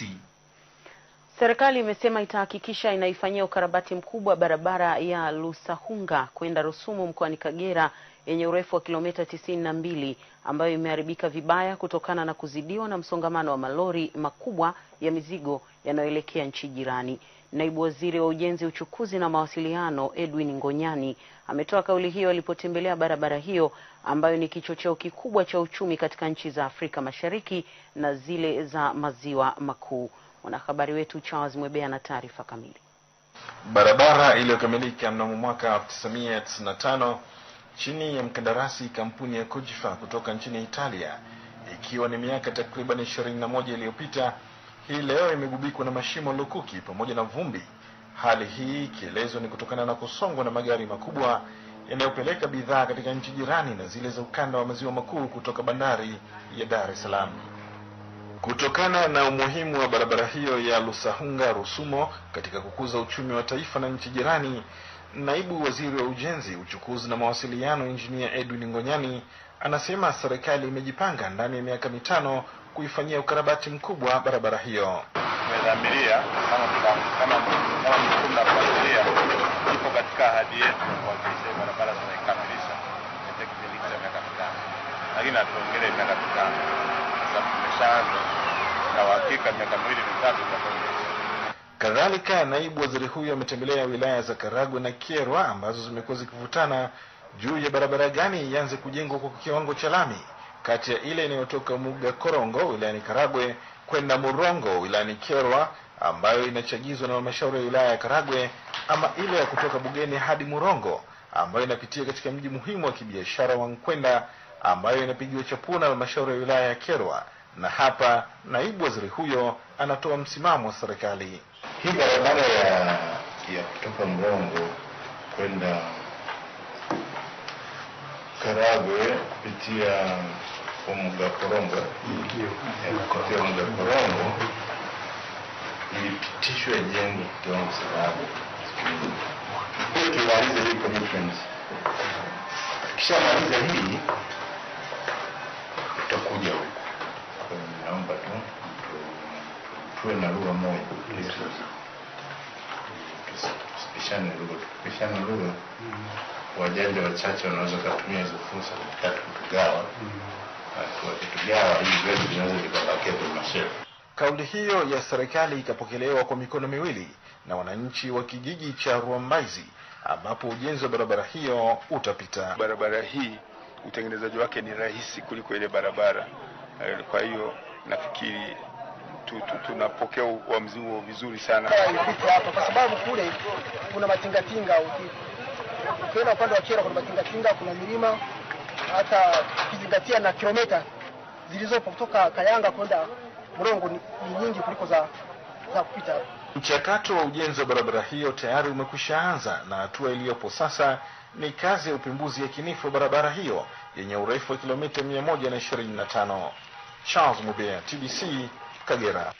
ici Serikali imesema itahakikisha inaifanyia ukarabati mkubwa barabara ya Lusahunga kwenda Rusumo mkoani Kagera yenye urefu wa kilomita tisini na mbili ambayo imeharibika vibaya kutokana na kuzidiwa na msongamano wa malori makubwa ya mizigo yanayoelekea nchi jirani. Naibu Waziri wa Ujenzi, Uchukuzi na Mawasiliano Edwin Ngonyani ametoa kauli hiyo alipotembelea barabara hiyo ambayo ni kichocheo kikubwa cha uchumi katika nchi za Afrika Mashariki na zile za Maziwa Makuu. Mwanahabari wetu Charles Mwebea na taarifa kamili. Barabara iliyokamilika mnamo mwaka 1995 chini ya mkandarasi kampuni ya Kujifa kutoka nchini Italia, ikiwa ni miaka takriban 21 iliyopita, hii leo imegubikwa na mashimo lukuki pamoja na vumbi. Hali hii ikielezwa ni kutokana na kusongwa na magari makubwa yanayopeleka bidhaa katika nchi jirani na zile za ukanda wa maziwa makuu kutoka bandari ya Dar es Salaam. Kutokana na umuhimu wa barabara hiyo ya Lusahunga Rusumo katika kukuza uchumi wa taifa na nchi jirani, naibu waziri wa ujenzi, uchukuzi na mawasiliano Injinia Edwin Ngonyani anasema serikali imejipanga ndani ya miaka mitano kuifanyia ukarabati mkubwa barabara hiyo. Tumedhamiria kama jukumu la ipo katika ahadi yetu kuhakikisha hii barabara tunaikamilisha miaka mitano, lakini hatuongele miaka mitano tumeshaanza na uhakika miaka miwili mitatu Kadhalika, naibu waziri huyu ametembelea wilaya za Karagwe na kerwa ambazo zimekuwa zikivutana juu ya barabara gani ianze kujengwa kwa kiwango cha lami kati ya ile inayotoka Muga Korongo wilayani Karagwe kwenda Murongo wilayani kerwa ambayo inachagizwa na halmashauri ya wilaya ya Karagwe ama ile ya kutoka Bugeni hadi Murongo ambayo inapitia katika mji muhimu wa kibiashara wa Nkwenda ambayo inapigiwa chapuo na halmashauri ya wilaya ya Kyerwa, na hapa naibu waziri huyo anatoa msimamo wa serikali. Hii barabara ya ya kutoka Mrongo kwenda Karagwe kupitia Umugakorongo kupitia Umugakorongo ilipitishwa jengo kwa sababu tumaliza hii commitment, kisha maliza hii watu tuwe na lugha moja, tusipishane lugha. Tukipishana lugha, wajanja wachache wanaweza kutumia hizo fursa kutaka kutugawa, wakitugawa hivi vyetu vinaweza vikabakia kwenye mashefu. Kauli hiyo ya serikali ikapokelewa kwa mikono miwili na wananchi wa kijiji cha Ruambaizi ambapo ujenzi wa barabara hiyo utapita. Barabara hii utengenezaji wake ni rahisi kuliko ile barabara, kwa hiyo nafikiri tunapokea tu, tu, uamuzi huo vizuri sana hapa, kwa sababu kule kuna matingatinga. Ukienda upande wa Kyela kuna matingatinga, kuna milima, hata ukizingatia na kilomita zilizopo kutoka Kayanga kwenda Mrongo ni, nyingi kuliko za, za kupita. Mchakato wa ujenzi wa barabara hiyo tayari umekwishaanza na hatua iliyopo sasa ni kazi ya upembuzi yakinifu wa barabara hiyo yenye urefu wa kilomita 125. Charles Moubert, TBC, Cagueira.